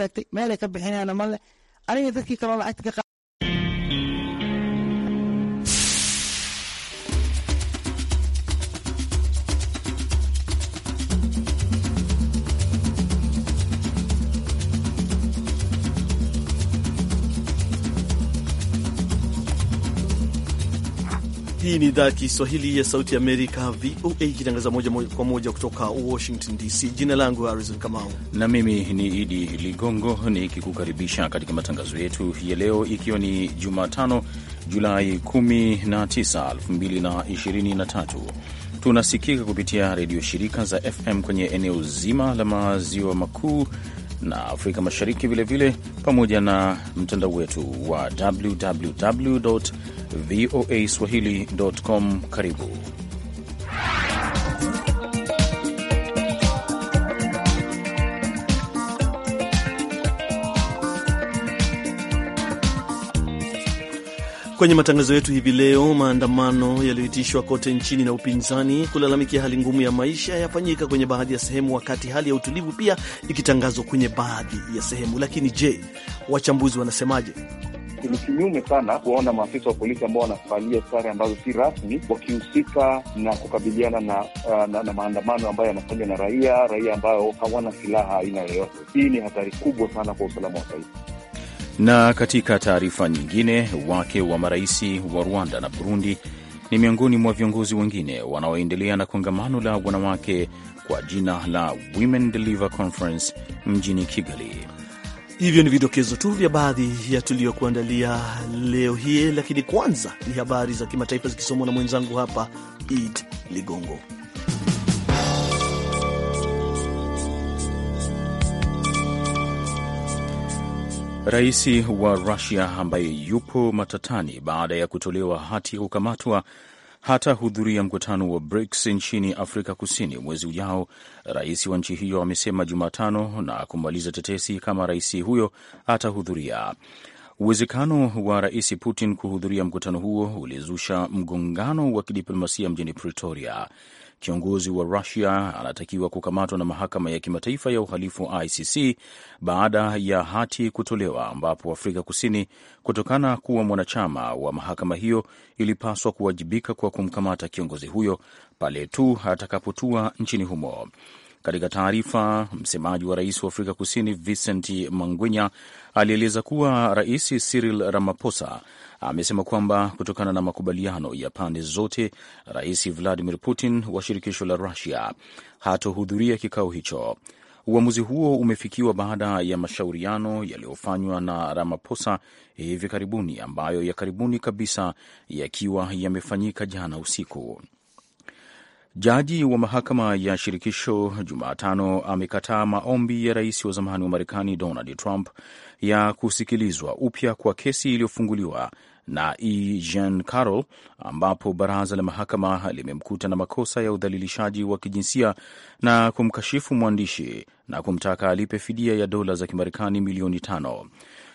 istaagtay meelay ka bixinayaan male aniga dadkii kaloo lacagta ka Hii ni idhaa ya Kiswahili ya Sauti Amerika, VOA, ikitangaza moja kwa moja kutoka Washington DC. Jina langu Harrison Kamau na mimi ni Idi Ligongo nikikukaribisha katika matangazo yetu ya leo, ikiwa ni Jumatano Julai 19, 2023. Tunasikika kupitia redio shirika za FM kwenye eneo zima la maziwa makuu na Afrika Mashariki vilevile vile, pamoja na mtandao wetu wa www voa swahili.com. Karibu Kwenye matangazo yetu hivi leo, maandamano yaliyoitishwa kote nchini na upinzani kulalamikia hali ngumu ya maisha yafanyika kwenye baadhi ya sehemu, wakati hali ya utulivu pia ikitangazwa kwenye baadhi ya sehemu. Lakini je, wachambuzi wanasemaje? Ni kinyume sana kuwaona maafisa wa polisi ambao wanavalia sare ambazo si rasmi wakihusika na kukabiliana na, na, uh, na, na maandamano ambayo yanafanywa na raia raia ambayo hawana silaha aina yoyote. Hii ni hatari kubwa sana kwa usalama wa taifa. Na katika taarifa nyingine, wake wa marais wa Rwanda na Burundi ni miongoni mwa viongozi wengine wanaoendelea na kongamano la wanawake kwa jina la Women Deliver Conference mjini Kigali. Hivyo ni vidokezo tu vya baadhi ya tuliyokuandalia leo hii, lakini kwanza ni habari za kimataifa zikisomwa na mwenzangu hapa Id Ligongo. Rais wa Rusia ambaye yupo matatani baada ya kutolewa hati ya kukamatwa hatahudhuria mkutano wa BRICS nchini Afrika Kusini mwezi ujao, rais wa nchi hiyo amesema Jumatano na kumaliza tetesi kama rais huyo atahudhuria. Uwezekano wa rais Putin kuhudhuria mkutano huo ulizusha mgongano wa kidiplomasia mjini Pretoria. Kiongozi wa Rusia anatakiwa kukamatwa na mahakama ya kimataifa ya uhalifu ICC baada ya hati kutolewa, ambapo Afrika Kusini, kutokana kuwa mwanachama wa mahakama hiyo, ilipaswa kuwajibika kwa kumkamata kiongozi huyo pale tu atakapotua nchini humo. Katika taarifa, msemaji wa rais wa Afrika Kusini Vincent mangwinya alieleza kuwa Rais Cyril Ramaphosa amesema kwamba kutokana na makubaliano ya pande zote, Rais Vladimir Putin wa shirikisho la Rusia hatohudhuria kikao hicho. Uamuzi huo umefikiwa baada ya mashauriano yaliyofanywa na Ramaphosa hivi karibuni, ambayo ya karibuni kabisa yakiwa yamefanyika jana usiku. Jaji wa mahakama ya shirikisho Jumatano amekataa maombi ya rais wa zamani wa Marekani Donald Trump ya kusikilizwa upya kwa kesi iliyofunguliwa na E. Jean Carroll ambapo baraza la mahakama limemkuta na makosa ya udhalilishaji wa kijinsia na kumkashifu mwandishi na kumtaka alipe fidia ya dola za Kimarekani milioni tano.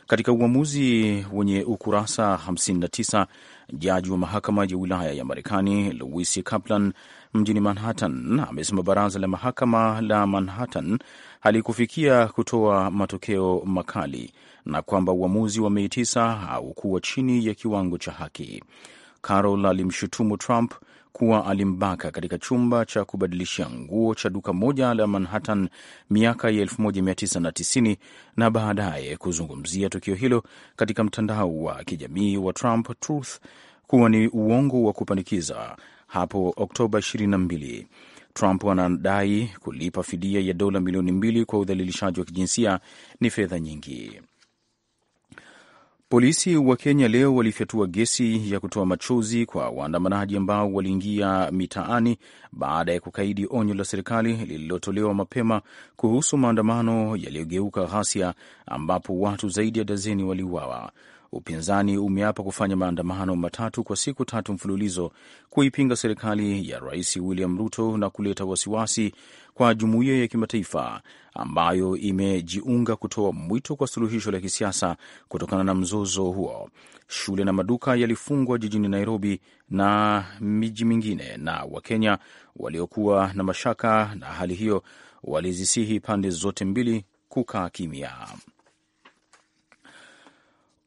Katika uamuzi wenye ukurasa 59 jaji wa mahakama ya wilaya ya Marekani Louis Kaplan mjini Manhattan amesema baraza la mahakama la Manhattan halikufikia kutoa matokeo makali na kwamba uamuzi wa Mei 9 haukuwa chini ya kiwango cha haki. Carol alimshutumu Trump kuwa alimbaka katika chumba cha kubadilishia nguo cha duka moja la Manhattan miaka ya 1990 na baadaye kuzungumzia tukio hilo katika mtandao wa kijamii wa Trump Truth kuwa ni uongo wa kupanikiza hapo Oktoba 22. Trump anadai kulipa fidia ya dola milioni mbili kwa udhalilishaji wa kijinsia ni fedha nyingi. Polisi wa Kenya leo walifyatua gesi ya kutoa machozi kwa waandamanaji ambao waliingia mitaani baada ya kukaidi onyo la serikali lililotolewa mapema kuhusu maandamano yaliyogeuka ghasia, ambapo watu zaidi ya dazeni waliuawa. Upinzani umeapa kufanya maandamano matatu kwa siku tatu mfululizo kuipinga serikali ya Rais William Ruto na kuleta wasiwasi kwa jumuiya ya kimataifa ambayo imejiunga kutoa mwito kwa suluhisho la kisiasa kutokana na mzozo huo. Shule na maduka yalifungwa jijini Nairobi na miji mingine, na Wakenya waliokuwa na mashaka na hali hiyo walizisihi pande zote mbili kukaa kimya.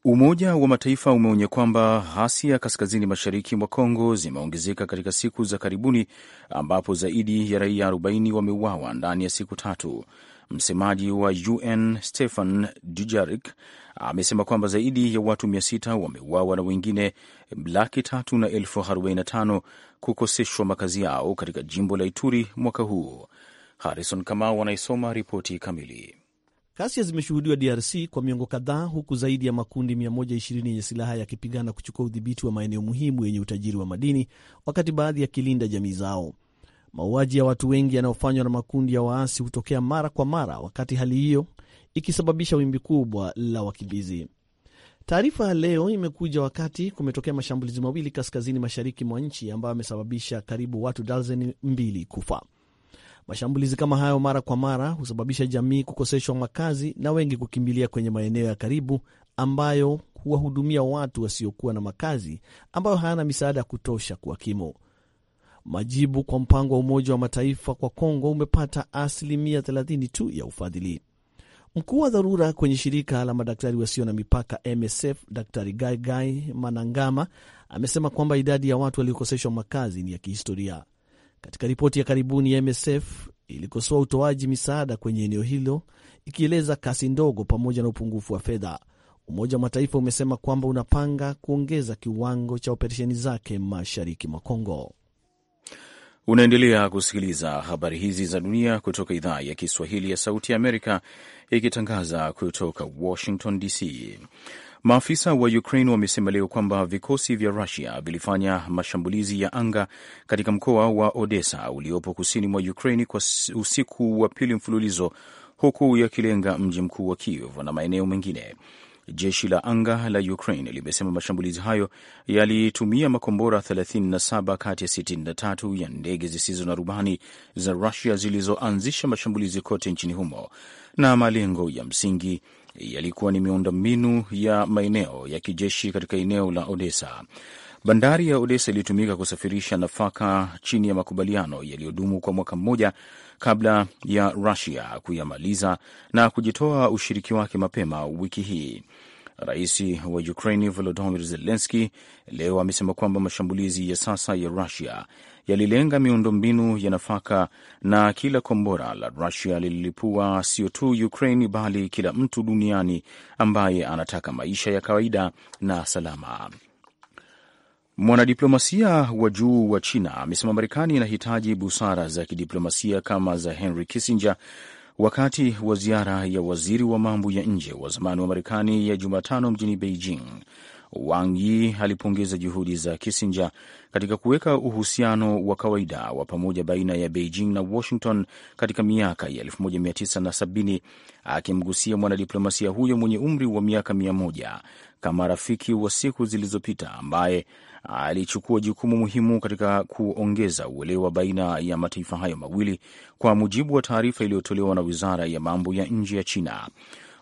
Umoja wa Mataifa umeonya kwamba ghasia kaskazini mashariki mwa Kongo zimeongezeka katika siku za karibuni, ambapo zaidi ya raia 40 wameuawa ndani ya siku tatu. Msemaji wa UN Stefan Dujarik amesema kwamba zaidi ya watu 600 wameuawa na wengine laki tatu na elfu kukoseshwa makazi yao katika jimbo la Ituri mwaka huu. Harrison Kamau anaisoma ripoti kamili. Ghasia zimeshuhudiwa DRC kwa miongo kadhaa, huku zaidi ya makundi 120 yenye silaha yakipigana kuchukua udhibiti wa maeneo muhimu yenye utajiri wa madini, wakati baadhi yakilinda jamii zao. Mauaji ya watu wengi yanayofanywa na makundi ya waasi hutokea mara kwa mara, wakati hali hiyo ikisababisha wimbi kubwa la wakimbizi. Taarifa ya leo imekuja wakati kumetokea mashambulizi mawili kaskazini mashariki mwa nchi ambayo yamesababisha karibu watu dazeni mbili kufa. Mashambulizi kama hayo mara kwa mara husababisha jamii kukoseshwa makazi na wengi kukimbilia kwenye maeneo ya karibu ambayo huwahudumia watu wasiokuwa na makazi ambayo hayana misaada ya kutosha kuwakimu. Majibu kwa mpango wa Umoja wa Mataifa kwa Kongo umepata asilimia 30 tu ya ufadhili. Mkuu wa dharura kwenye shirika la madaktari wasio na mipaka MSF, d Gaigai Manangama amesema kwamba idadi ya watu waliokoseshwa makazi ni ya kihistoria. Katika ripoti ya karibuni ya MSF ilikosoa utoaji misaada kwenye eneo hilo ikieleza kasi ndogo pamoja na upungufu wa fedha. Umoja wa Mataifa umesema kwamba unapanga kuongeza kiwango cha operesheni zake mashariki mwa Kongo. Unaendelea kusikiliza habari hizi za dunia kutoka idhaa ya Kiswahili ya Sauti ya Amerika, ikitangaza kutoka Washington DC. Maafisa wa Ukraine wamesema leo kwamba vikosi vya Rusia vilifanya mashambulizi ya anga katika mkoa wa Odessa uliopo kusini mwa Ukraine kwa usiku wa pili mfululizo, huku yakilenga mji mkuu wa Kiev na maeneo mengine. Jeshi la anga la Ukraine limesema mashambulizi hayo yalitumia makombora 37 kati ya 63 ya ndege zisizo na rubani za Rusia zilizoanzisha mashambulizi kote nchini humo, na malengo ya msingi yalikuwa ni miundombinu ya maeneo ya kijeshi katika eneo la Odessa. Bandari ya Odessa ilitumika kusafirisha nafaka chini ya makubaliano yaliyodumu kwa mwaka mmoja kabla ya Rusia kuyamaliza na kujitoa ushiriki wake mapema wiki hii. Rais wa Ukraini Volodymyr Zelenski leo amesema kwamba mashambulizi ya sasa ya Rusia yalilenga miundombinu ya nafaka na kila kombora la Rusia lililipua sio tu Ukraini bali kila mtu duniani ambaye anataka maisha ya kawaida na salama. Mwanadiplomasia wa juu wa China amesema Marekani inahitaji busara za kidiplomasia kama za Henry Kissinger wakati wa ziara ya waziri wa mambo ya nje wa zamani wa Marekani ya Jumatano mjini Beijing. Wang Yi alipongeza juhudi za Kissinger katika kuweka uhusiano wa kawaida wa pamoja baina ya Beijing na Washington katika miaka ya 1970 akimgusia mwanadiplomasia huyo mwenye umri wa miaka mia kama rafiki wa siku zilizopita ambaye alichukua jukumu muhimu katika kuongeza uelewa baina ya mataifa hayo mawili, kwa mujibu wa taarifa iliyotolewa na wizara ya mambo ya nje ya China.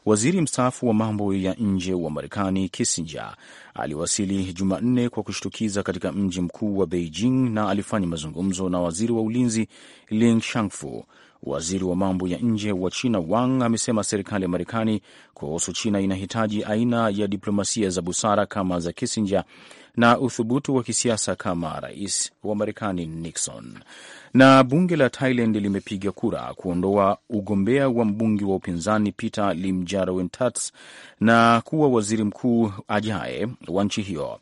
Waziri mstaafu wa mambo ya nje wa Marekani Kissinger aliwasili Jumanne kwa kushtukiza katika mji mkuu wa Beijing na alifanya mazungumzo na waziri wa ulinzi Ling Shangfu. Waziri wa mambo ya nje wa China Wang amesema serikali ya Marekani kuhusu China inahitaji aina ya diplomasia za busara kama za Kissinger na uthubutu wa kisiasa kama rais wa Marekani Nixon. Na bunge la Thailand limepiga kura kuondoa ugombea wa mbunge wa upinzani Peter Limjaroenrat na kuwa waziri mkuu ajaye wa nchi hiyo.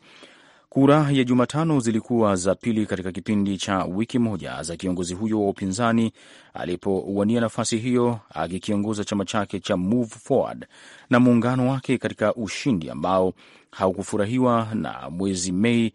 Kura ya Jumatano zilikuwa za pili katika kipindi cha wiki moja za kiongozi huyo wa upinzani alipowania nafasi hiyo akikiongoza chama chake cha Move Forward na muungano wake katika ushindi ambao haukufurahiwa na mwezi Mei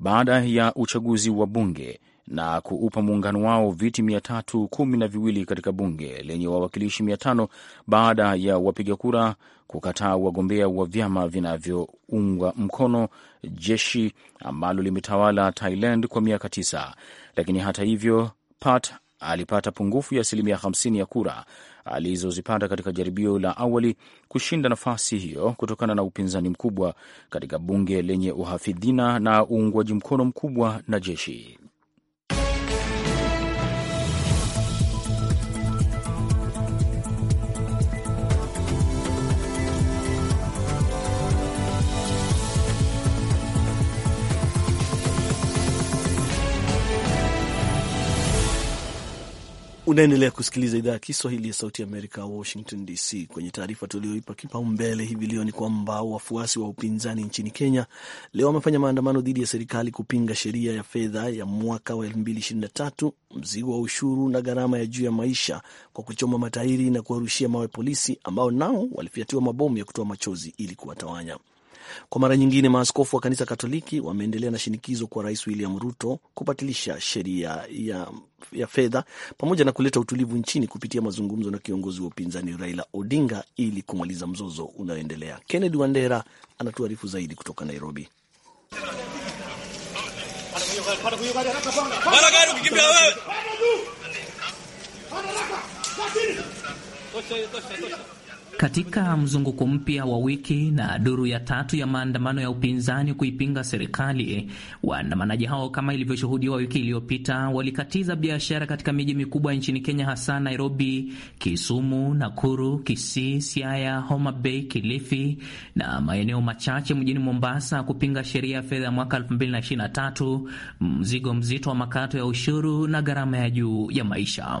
baada ya uchaguzi wa bunge na kuupa muungano wao viti mia tatu kumi na viwili katika bunge lenye wawakilishi mia tano baada ya wapiga kura kukataa wagombea wa vyama vinavyoungwa mkono jeshi ambalo limetawala Thailand kwa miaka tisa. Lakini hata hivyo, Pat alipata pungufu ya asilimia 50 ya kura alizozipata katika jaribio la awali kushinda nafasi hiyo kutokana na upinzani mkubwa katika bunge lenye uhafidhina na uungwaji mkono mkubwa na jeshi. Unaendelea kusikiliza idhaa ya Kiswahili ya Sauti Amerika, Washington DC. Kwenye taarifa tulioipa kipaumbele hivi leo ni kwamba wafuasi wa upinzani nchini Kenya leo wamefanya maandamano dhidi ya serikali kupinga sheria ya fedha ya mwaka wa 2023, mzigo wa ushuru na gharama ya juu ya maisha, kwa kuchoma matairi na kuwarushia mawe polisi ambao nao walifiatiwa mabomu ya kutoa machozi ili kuwatawanya. Kwa mara nyingine, maaskofu wa kanisa Katoliki wameendelea na shinikizo kwa Rais William Ruto kubatilisha sheria ya, ya fedha pamoja na kuleta utulivu nchini kupitia mazungumzo na kiongozi wa upinzani Raila Odinga ili kumaliza mzozo unaoendelea. Kennedy Wandera anatuarifu zaidi kutoka Nairobi. Katika mzunguko mpya wa wiki na duru ya tatu ya maandamano ya upinzani kuipinga serikali, waandamanaji hao kama ilivyoshuhudiwa wiki iliyopita walikatiza biashara katika miji mikubwa nchini Kenya, hasa Nairobi, Kisumu, Nakuru, Kisii, Siaya, Homa Bay, Kilifi na maeneo machache mjini Mombasa kupinga sheria ya fedha ya mwaka 2023, mzigo mzito wa makato ya ushuru na gharama ya juu ya maisha.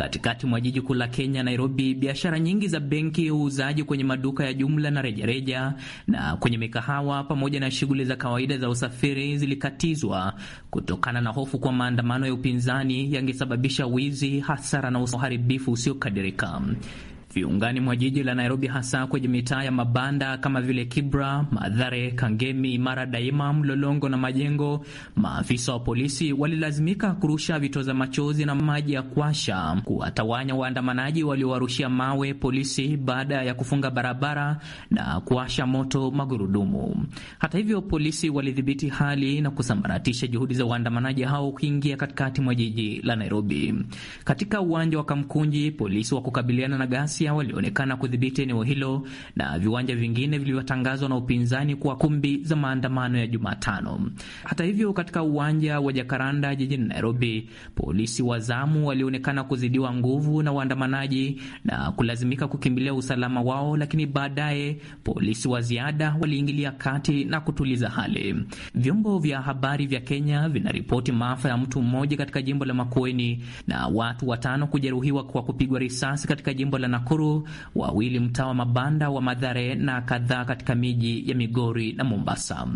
Katikati mwa jiji kuu la Kenya, Nairobi, biashara nyingi za benki, uuzaji kwenye maduka ya jumla na rejareja reja, na kwenye mikahawa pamoja na shughuli za kawaida za usafiri zilikatizwa kutokana na hofu kwa maandamano ya upinzani yangesababisha wizi, hasara na uharibifu usiokadirika viungani mwa jiji la Nairobi, hasa kwenye mitaa ya mabanda kama vile Kibra, madhare Kangemi, imara Daima, Mlolongo na Majengo, maafisa wa polisi walilazimika kurusha vitoza machozi na maji ya kuasha kuwatawanya waandamanaji waliowarushia mawe polisi baada ya kufunga barabara na kuasha moto magurudumu. Hata hivyo, polisi walidhibiti hali na kusambaratisha juhudi za waandamanaji hao kuingia katikati mwa jiji la Nairobi. Katika uwanja wa Kamkunji, polisi wa kukabiliana na gasi ghasia walioonekana kudhibiti eneo hilo na viwanja vingine vilivyotangazwa na upinzani kuwa kumbi za maandamano ya Jumatano. Hata hivyo, katika uwanja wa Jakaranda jijini Nairobi, polisi wa zamu walionekana kuzidiwa nguvu na waandamanaji na kulazimika kukimbilia usalama wao, lakini baadaye polisi wa ziada waliingilia kati na kutuliza hali. Vyombo vya habari vya Kenya vinaripoti maafa ya mtu mmoja katika jimbo la Makueni na watu watano kujeruhiwa kwa kupigwa risasi katika jimbo la Nakuru Nakuru, wawili mtaa wa mabanda wa Madhare na kadhaa katika miji ya Migori na Mombasa.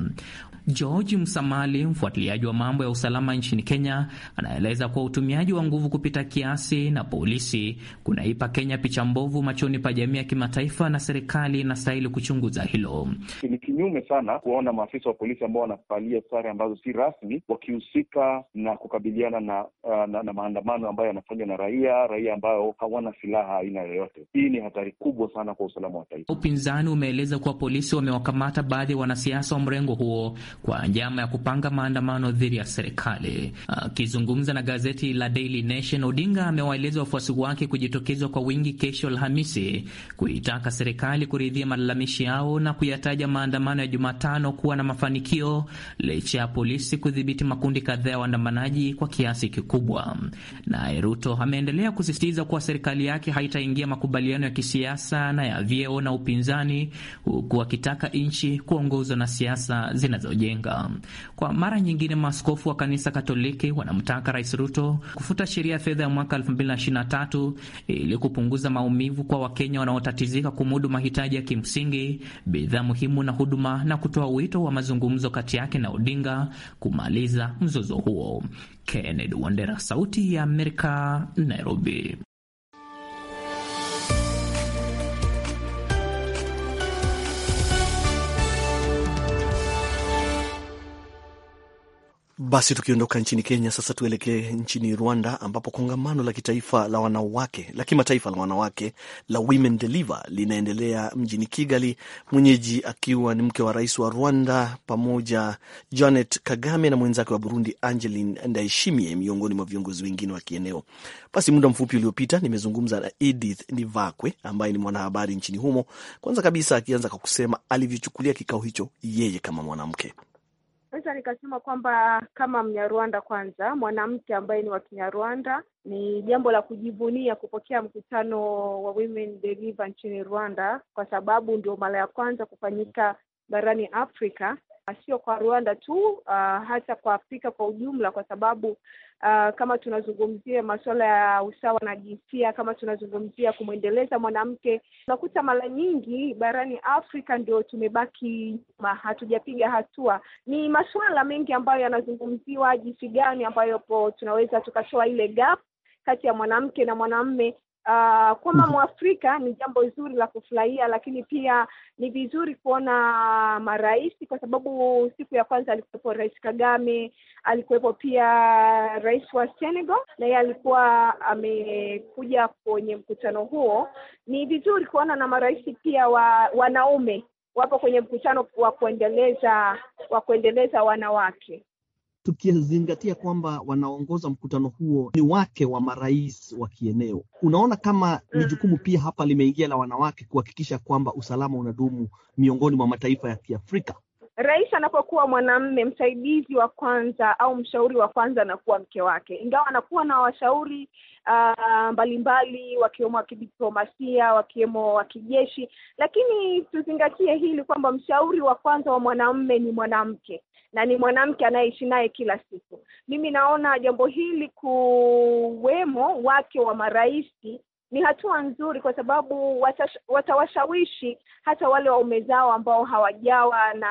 George Msamali, mfuatiliaji wa mambo ya usalama nchini Kenya, anaeleza kuwa utumiaji wa nguvu kupita kiasi na polisi kunaipa Kenya picha mbovu machoni pa jamii ya kimataifa, na serikali inastahili kuchunguza hilo. Ni kinyume sana kuwaona maafisa wa polisi ambao wanavalia sare ambazo si rasmi wakihusika na kukabiliana na, na, uh, na, na maandamano ambayo yanafanywa na raia raia ambayo hawana silaha aina yoyote. Hii ni hatari kubwa sana kwa usalama wa taifa. Upinzani umeeleza kuwa polisi wamewakamata baadhi ya wanasiasa wa mrengo huo kwa njama ya kupanga maandamano dhidi ya serikali. Akizungumza na gazeti la Daily Nation, Odinga amewaeleza wafuasi wake kujitokezwa kwa wingi kesho Alhamisi kuitaka serikali kuridhia malalamishi yao na kuyataja maandamano ya Jumatano kuwa na mafanikio licha ya polisi kudhibiti makundi kadhaa ya waandamanaji kwa kiasi kikubwa. Naye Ruto ameendelea kusisitiza kuwa serikali yake haitaingia makubaliano ya kisiasa na ya vyeo na upinzani, huku akitaka nchi kuongozwa na siasa zinazo kujenga. Kwa mara nyingine, maaskofu wa kanisa Katoliki wanamtaka Rais Ruto kufuta sheria ya fedha ya mwaka 2023 ili kupunguza maumivu kwa Wakenya wanaotatizika kumudu mahitaji ya kimsingi, bidhaa muhimu na huduma, na kutoa wito wa mazungumzo kati yake na Odinga kumaliza mzozo huo. Kennedy Wandera, Sauti ya Amerika, Nairobi. Basi tukiondoka nchini Kenya sasa tuelekee nchini Rwanda ambapo kongamano la kitaifa la wanawake la kimataifa la wanawake la Women Deliver linaendelea mjini Kigali, mwenyeji akiwa ni mke wa rais wa Rwanda pamoja Janet Kagame na mwenzake wa Burundi Angeline Ndayishimiye, miongoni mwa viongozi wengine wa kieneo. Basi muda mfupi uliopita nimezungumza na Edith Nivakwe ambaye ni mwanahabari nchini humo, kwanza kabisa akianza kwa kusema alivyochukulia kikao hicho yeye kama mwanamke. Naweza nikasema kwamba kama Mnyarwanda kwanza, mwanamke ambaye ni wa Kinyarwanda, ni jambo la kujivunia kupokea mkutano wa Women Deliver nchini Rwanda, kwa sababu ndio mara ya kwanza kufanyika barani Afrika, sio kwa Rwanda tu, uh, hata kwa Afrika kwa ujumla, kwa sababu uh, kama tunazungumzia masuala ya usawa na jinsia, kama tunazungumzia kumwendeleza mwanamke, unakuta mara nyingi barani Afrika ndio tumebaki nyuma, hatujapiga hatua. Ni masuala mengi ambayo yanazungumziwa, jinsi gani ambayo po tunaweza tukatoa ile gap kati ya mwanamke na mwanamme uh, ah, kama mhm. Mwafrika ni jambo zuri la kufurahia, lakini pia ni vizuri kuona marais, kwa sababu siku ya kwanza alikuwepo Rais Kagame, alikuwepo pia rais wa Senegal, na yeye alikuwa amekuja kwenye mkutano huo. Ni vizuri kuona na marais pia wa wanaume wapo kwenye mkutano wa kuendeleza wa kuendeleza wanawake tukizingatia kwamba wanaongoza mkutano huo ni wake wa marais wa kieneo. Unaona kama ni mm. jukumu pia hapa limeingia la wanawake kuhakikisha kwamba usalama unadumu miongoni mwa mataifa ya Kiafrika. Rais anapokuwa mwanamme, msaidizi wa kwanza au mshauri wa kwanza anakuwa mke wake, ingawa anakuwa na washauri ah, mbalimbali, wakiwemo wa kidiplomasia, wakiwemo wa kijeshi, lakini tuzingatie hili kwamba mshauri wa kwanza wa mwanamme ni mwanamke na ni mwanamke anayeishi naye kila siku. Mimi naona jambo hili kuwemo wake wa marais ni hatua nzuri kwa sababu watawashawishi hata wale waume zao ambao hawajawa na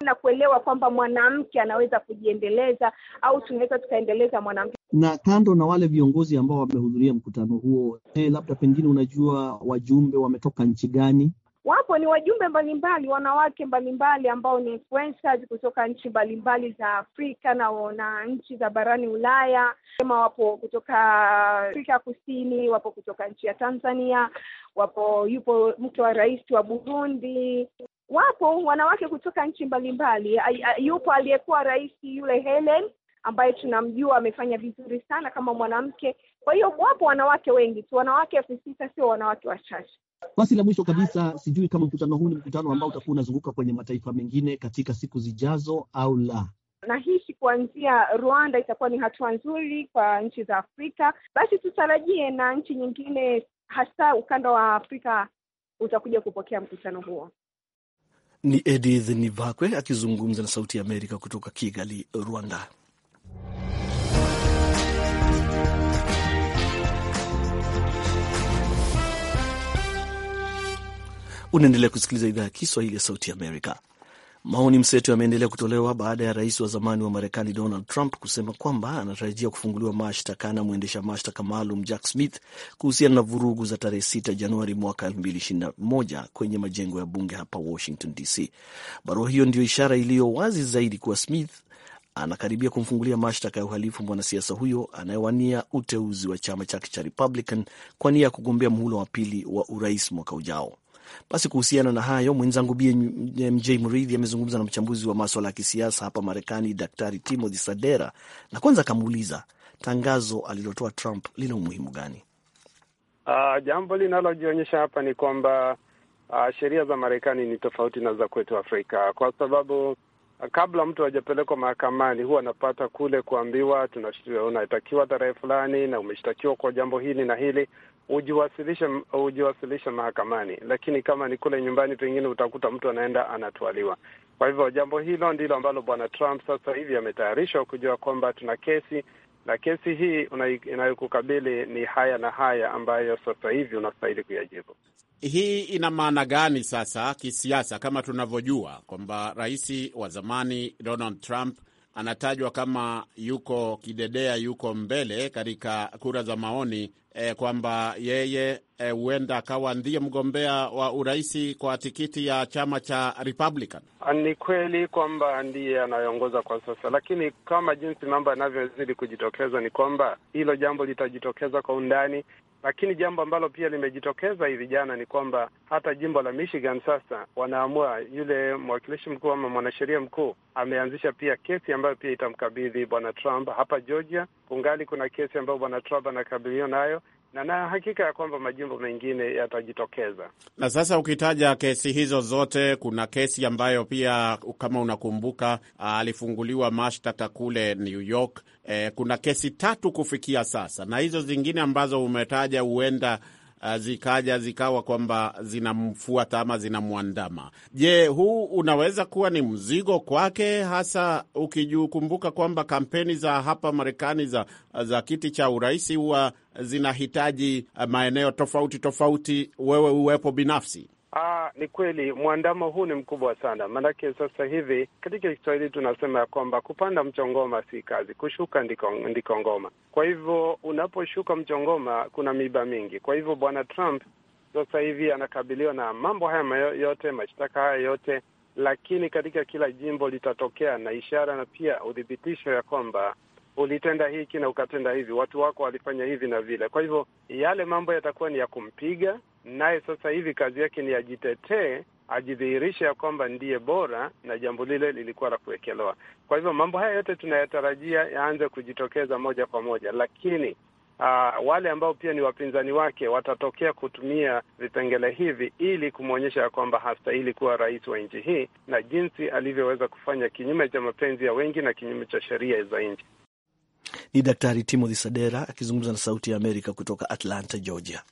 na kuelewa kwamba mwanamke anaweza kujiendeleza au tunaweza tukaendeleza mwanamke. Na kando na wale viongozi ambao wamehudhuria mkutano huo, hey, eh, labda pengine unajua wajumbe wametoka nchi gani? Wapo ni wajumbe mbalimbali, wanawake mbalimbali ambao ni influencers kutoka nchi mbalimbali za Afrika na, na nchi za barani Ulaya. Kama wapo kutoka Afrika Kusini, wapo kutoka nchi ya Tanzania, wapo yupo mke wa rais wa Burundi. Wapo wanawake kutoka nchi mbalimbali. Yupo aliyekuwa rais yule Helen ambaye tunamjua amefanya vizuri sana kama mwanamke. Kwa hiyo wapo wanawake wengi tu, wanawake elfu sita sio wanawake wachache. Basi la mwisho kabisa, sijui kama mkutano huu ni mkutano ambao utakuwa unazunguka kwenye mataifa mengine katika siku zijazo au la. Nahisi kuanzia Rwanda itakuwa ni hatua nzuri kwa nchi za Afrika, basi tutarajie na nchi nyingine, hasa ukanda wa Afrika utakuja kupokea mkutano huo. Ni Edith Nivakwe akizungumza na Sauti ya Amerika kutoka Kigali, Rwanda. Unaendelea kusikiliza idhaa ya Kiswahili ya Sauti Amerika. Maoni mseto yameendelea kutolewa baada ya rais wa zamani wa Marekani Donald Trump kusema kwamba anatarajia kufunguliwa mashtaka na mwendesha mashtaka maalum Jack Smith kuhusiana na vurugu za tarehe 6 Januari mwaka 2021 kwenye majengo ya bunge hapa Washington DC. Barua hiyo ndiyo ishara iliyo wazi zaidi kuwa Smith anakaribia kumfungulia mashtaka ya uhalifu mwanasiasa huyo anayewania uteuzi wa chama chake cha Republican kwa nia ya kugombea muhula wa pili wa urais mwaka ujao. Basi kuhusiana na hayo, mwenzangu BMJ Mridhi amezungumza na mchambuzi wa maswala ya kisiasa hapa Marekani, Daktari Timothy Sadera, na kwanza akamuuliza tangazo alilotoa Trump lina umuhimu gani? Uh, jambo linalojionyesha hapa ni kwamba uh, sheria za Marekani ni tofauti na za kwetu Afrika kwa sababu kabla mtu hajapelekwa mahakamani, huwa anapata kule kuambiwa unatakiwa tarehe fulani na umeshtakiwa kwa jambo hili na hili, ujiwasilishe ujiwasilishe mahakamani. Lakini kama ni kule nyumbani, pengine utakuta mtu anaenda anatwaliwa. Kwa hivyo jambo hilo ndilo ambalo bwana Trump sasa hivi ametayarishwa kujua kwamba tuna kesi na kesi hii inayokukabili ni haya na haya ambayo sasa hivi unastahili kuyajibu. Hii ina maana gani sasa kisiasa? Kama tunavyojua kwamba rais wa zamani Donald Trump anatajwa kama yuko kidedea, yuko mbele katika kura za maoni e, kwamba yeye eh, huenda e, akawa ndiye mgombea wa uraisi kwa tikiti ya chama cha Republican. Ni kweli kwamba ndiye anayeongoza kwa sasa, lakini kama jinsi mambo yanavyozidi kujitokeza ni kwamba hilo jambo litajitokeza kwa undani lakini jambo ambalo pia limejitokeza hivi jana ni kwamba hata jimbo la Michigan sasa wanaamua, yule mwakilishi mkuu ama mwanasheria mkuu ameanzisha pia kesi ambayo pia itamkabidhi bwana Trump. Hapa Georgia kungali kuna kesi ambayo bwana Trump anakabiliwa nayo, na na hakika ya kwamba majimbo mengine yatajitokeza. Na sasa ukitaja kesi hizo zote, kuna kesi ambayo pia kama unakumbuka ah, alifunguliwa mashtaka kule New York. E, kuna kesi tatu kufikia sasa na hizo zingine ambazo umetaja huenda Eh, zikaja zikawa kwamba zinamfuata ama zinamwandama. Je, huu unaweza kuwa ni mzigo kwake, hasa ukijukumbuka kwamba kampeni za hapa Marekani za, za kiti cha urais huwa zinahitaji eh, maeneo tofauti tofauti, wewe uwepo binafsi? Aa, ah, ni kweli mwandamo huu ni mkubwa sana, maanake sasa hivi katika Kiswahili tunasema ya kwamba kupanda mchongoma si kazi, kushuka ndiko, ndiko ngoma. Kwa hivyo unaposhuka mchongoma kuna miba mingi. Kwa hivyo bwana Trump sasa hivi anakabiliwa na mambo haya yote, mashtaka haya yote, lakini katika kila jimbo litatokea na ishara na pia uthibitisho ya kwamba ulitenda hiki na ukatenda hivi, watu wako walifanya hivi na vile. Kwa hivyo yale mambo yatakuwa ni ya kumpiga naye. Sasa hivi kazi yake ni ajitetee, ajidhihirishe ya kwamba ndiye bora na jambo lile lilikuwa la kuwekelewa. Kwa hivyo mambo haya yote tunayatarajia yaanze kujitokeza moja kwa moja, lakini Uh, wale ambao pia ni wapinzani wake watatokea kutumia vipengele hivi ili kumwonyesha ya kwamba hastahili kuwa rais wa nchi hii na jinsi alivyoweza kufanya kinyume cha mapenzi ya wengi na kinyume cha sheria za nchi. Ni Daktari Timothy Sadera akizungumza na Sauti ya Amerika kutoka Atlanta, Georgia.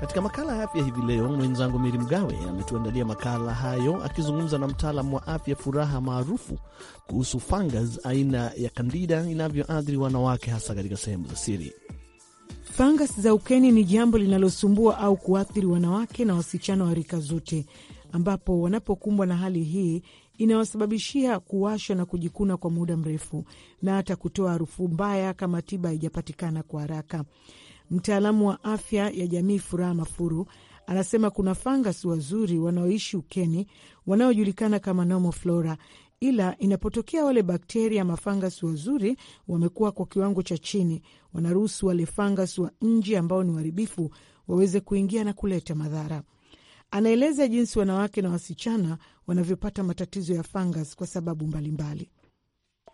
Katika makala ya afya hivi leo, mwenzangu Miri Mgawe ametuandalia makala hayo akizungumza na mtaalam wa afya Furaha maarufu kuhusu fungus aina ya kandida inavyoathiri wanawake hasa katika sehemu za siri. Fungus za ukeni ni jambo linalosumbua au kuathiri wanawake na wasichana wa rika zote, ambapo wanapokumbwa na hali hii inawasababishia kuwashwa na kujikuna kwa muda mrefu na hata kutoa harufu mbaya kama tiba haijapatikana kwa haraka. Mtaalamu wa afya ya jamii Furaha Mafuru anasema kuna fangasi wazuri wanaoishi ukeni wanaojulikana kama normal flora, ila inapotokea wale bakteria mafangasi wazuri wamekuwa kwa kiwango cha chini, wanaruhusu wale fangasi wa nje ambao ni waharibifu waweze kuingia na kuleta madhara. Anaeleza jinsi wanawake na wasichana wanavyopata matatizo ya fangas kwa sababu mbalimbali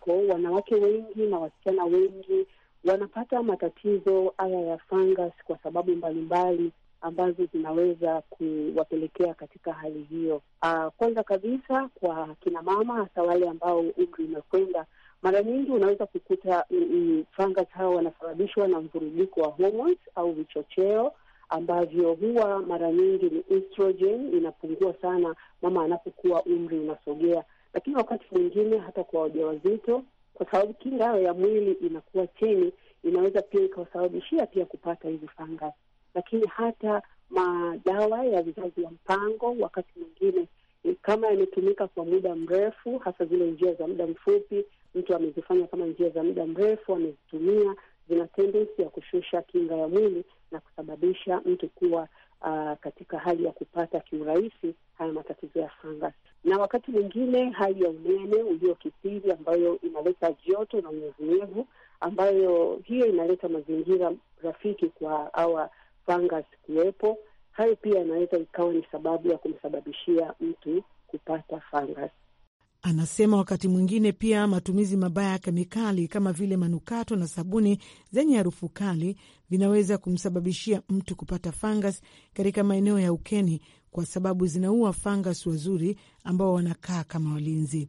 mbali. Wanawake wengi na wasichana wengi wanapata matatizo haya ya fungus kwa sababu mbalimbali ambazo zinaweza kuwapelekea katika hali hiyo. Uh, kwanza kabisa kwa kina mama, hasa wale ambao umri umekwenda, mara nyingi unaweza kukuta fungus hao wanasababishwa na mvurugiko wa hormones au vichocheo ambavyo huwa mara nyingi ni estrogen inapungua sana mama anapokuwa umri unasogea, lakini wakati mwingine hata kwa wajawazito kwa sababu kinga yao ya mwili inakuwa chini, inaweza pia ikawasababishia pia kupata hizi fanga Lakini hata madawa ya vizazi ya mpango wakati mwingine kama yametumika kwa muda mrefu, hasa zile njia za muda mfupi, mtu amezifanya kama njia za muda mrefu, amezitumia, zina tendensi ya kushusha kinga ya mwili na kusababisha mtu kuwa uh, katika hali ya kupata kiurahisi haya matatizo ya fungus, na wakati mwingine hali ya unene uliokithiri ambayo inaleta joto na unyevunyevu, ambayo hiyo inaleta mazingira rafiki kwa awa fungus kuwepo. Hayo pia yanaweza ikawa ni sababu ya kumsababishia mtu kupata fangas. Anasema wakati mwingine pia matumizi mabaya ya kemikali kama vile manukato na sabuni zenye harufu kali vinaweza kumsababishia mtu kupata fangas katika maeneo ya ukeni, kwa sababu zinaua fangas wazuri ambao wanakaa kama walinzi.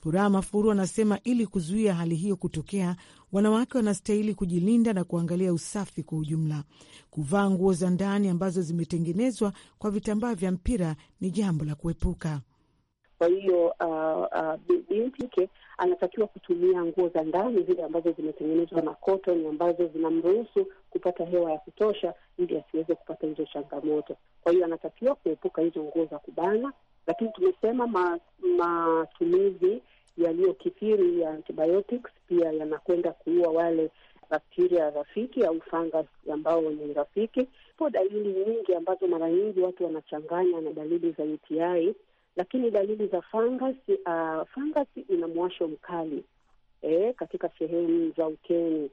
Furaha Mafuru anasema ili kuzuia hali hiyo kutokea, wanawake wanastahili kujilinda na kuangalia usafi kwa ujumla. Kuvaa nguo za ndani ambazo zimetengenezwa kwa vitambaa vya mpira ni jambo la kuepuka. Kwa hiyo uh, uh, binti ke anatakiwa kutumia nguo za ndani zile ambazo zimetengenezwa na cotton ambazo zinamruhusu kupata hewa ya kutosha, ili asiweze kupata hizo changamoto. Kwa hiyo anatakiwa kuepuka hizo nguo za kubana, lakini tumesema matumizi ma yaliyokithiri ya antibiotics pia yanakwenda kuua wale bakteria rafiki au fungus ambao ni rafiki. po dalili nyingi ambazo mara nyingi watu wanachanganya na dalili za UTI lakini dalili za fungus, uh, fungus ina mwasho mkali e, katika sehemu za ukeni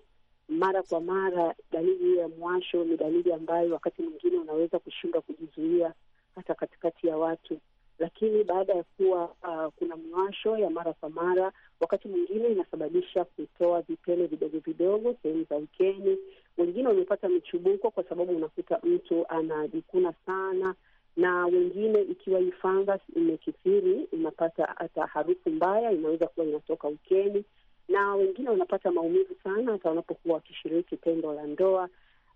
mara kwa mara. Dalili hiyo ya mwasho ni dalili ambayo wakati mwingine unaweza kushindwa kujizuia hata katikati ya watu, lakini baada ya kuwa uh, kuna mwasho ya mara kwa mara, wakati mwingine inasababisha kutoa vipele vidogo vidogo sehemu za ukeni. Wengine wamepata michubuko, kwa sababu unakuta mtu anajikuna sana na wengine, ikiwa hii fungus imekithiri, inapata hata harufu mbaya, inaweza kuwa inatoka ukeni, na wengine wanapata maumivu sana hata wanapokuwa wakishiriki tendo la ndoa.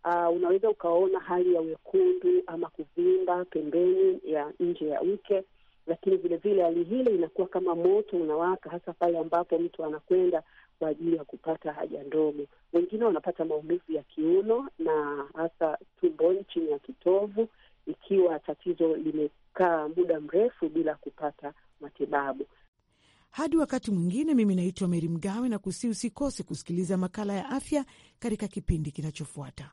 Uh, unaweza ukaona hali ya wekundu ama kuvimba pembeni ya nje ya uke, lakini vilevile hali hile inakuwa kama moto unawaka, hasa pale ambapo mtu anakwenda kwa ajili ya kupata haja ndogo. Wengine wanapata maumivu ya kiuno na hasa tumboni, chini ya kitovu ikiwa tatizo limekaa muda mrefu bila kupata matibabu. Hadi wakati mwingine, mimi naitwa Meri Mgawe na kusi, usikose kusikiliza makala ya afya katika kipindi kinachofuata.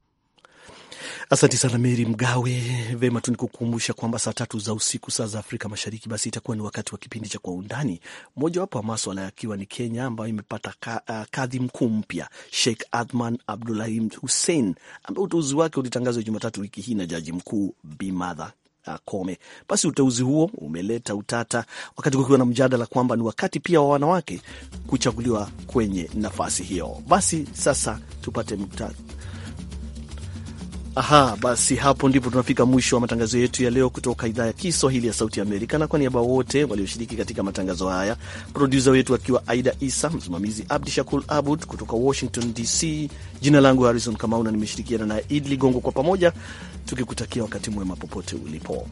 Asanti sana Meri Mgawe. Vema tu nikukumbusha kwamba saa tatu za usiku saa za Afrika Mashariki, basi itakuwa ni wakati wa kipindi cha Kwa Undani, mojawapo wa maswala yakiwa ni Kenya ambayo imepata ka, uh, kadhi mkuu mpya Sheikh Adman Abdulahim Hussein ambaye uteuzi wake ulitangazwa Jumatatu wiki hii na jaji mkuu Bimadha Martha uh, Basi uteuzi huo umeleta utata, wakati kukiwa na mjadala kwamba ni wakati pia wa wanawake kuchaguliwa kwenye nafasi hiyo. Basi sasa tupate mkutano Aha, basi hapo ndipo tunafika mwisho wa matangazo yetu ya leo kutoka idhaa ya Kiswahili ya Sauti Amerika, na kwa niaba wote walioshiriki katika matangazo haya, produsa wetu akiwa Aida Isa, msimamizi Abdi Shakul Abud kutoka Washington DC. Jina langu Harrison Kamau na nimeshirikiana naye Id Ligongo, kwa pamoja tukikutakia wakati mwema popote ulipo.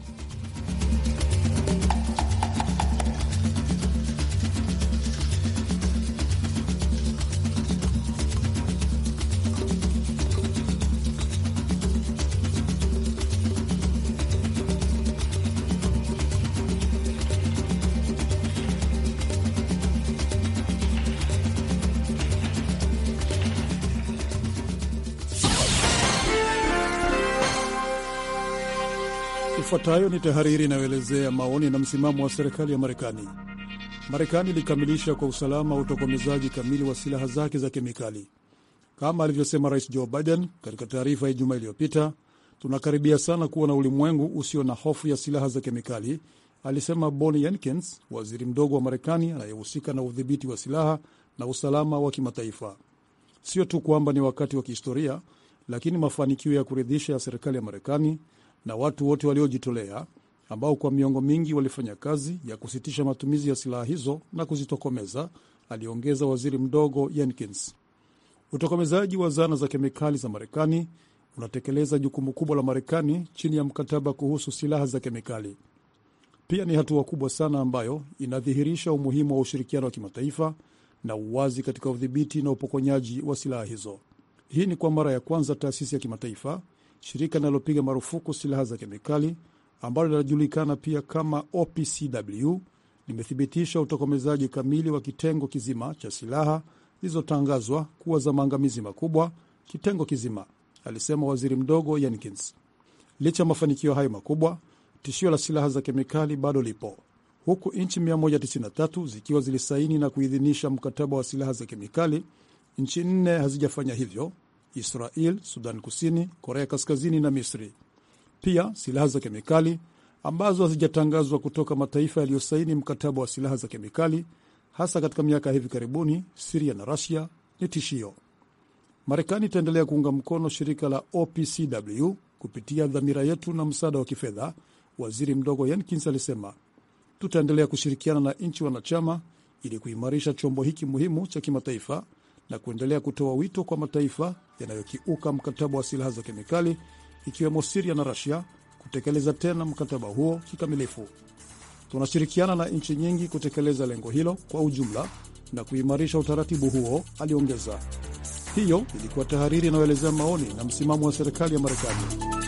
Ifuatayo ni tahariri inayoelezea maoni na msimamo wa serikali ya Marekani. Marekani ilikamilisha kwa usalama utokomezaji kamili wa silaha zake za kemikali. Kama alivyosema Rais Joe Biden katika taarifa ya Ijumaa iliyopita, tunakaribia sana kuwa na ulimwengu usio na hofu ya silaha za kemikali, alisema Bonnie Yenkins, waziri mdogo wa Marekani anayehusika na udhibiti wa silaha na usalama wa kimataifa. Sio tu kwamba ni wakati wa kihistoria, lakini mafanikio ya kuridhisha ya serikali ya Marekani na watu wote waliojitolea ambao kwa miongo mingi walifanya kazi ya kusitisha matumizi ya silaha hizo na kuzitokomeza, aliongeza waziri mdogo Jenkins. Utokomezaji wa zana za kemikali za Marekani unatekeleza jukumu kubwa la Marekani chini ya mkataba kuhusu silaha za kemikali. Pia ni hatua kubwa sana ambayo inadhihirisha umuhimu wa ushirikiano wa kimataifa na uwazi katika udhibiti na upokonyaji wa silaha hizo. Hii ni kwa mara ya kwanza taasisi ya kimataifa shirika linalopiga marufuku silaha za kemikali ambalo linajulikana pia kama OPCW limethibitisha utokomezaji kamili wa kitengo kizima cha silaha zilizotangazwa kuwa za maangamizi makubwa, kitengo kizima, alisema waziri mdogo Jenkins. Licha ya mafanikio hayo makubwa, tishio la silaha za kemikali bado lipo, huku nchi 193 zikiwa zilisaini na kuidhinisha mkataba wa silaha za kemikali. Nchi nne hazijafanya hivyo, Israel, Sudan Kusini, Korea Kaskazini na Misri. Pia silaha za kemikali ambazo hazijatangazwa kutoka mataifa yaliyosaini mkataba wa silaha za kemikali, hasa katika miaka ya hivi karibuni, Siria na Rusia ni tishio. Marekani itaendelea kuunga mkono shirika la OPCW kupitia dhamira yetu na msaada wa kifedha, waziri mdogo Yankins alisema. Tutaendelea kushirikiana na nchi wanachama ili kuimarisha chombo hiki muhimu cha kimataifa na kuendelea kutoa wito kwa mataifa yanayokiuka mkataba wa silaha za kemikali ikiwemo Siria na Rasia kutekeleza tena mkataba huo kikamilifu. Tunashirikiana na nchi nyingi kutekeleza lengo hilo kwa ujumla na kuimarisha utaratibu huo, aliongeza. Hiyo ilikuwa tahariri inayoelezea maoni na msimamo wa serikali ya Marekani.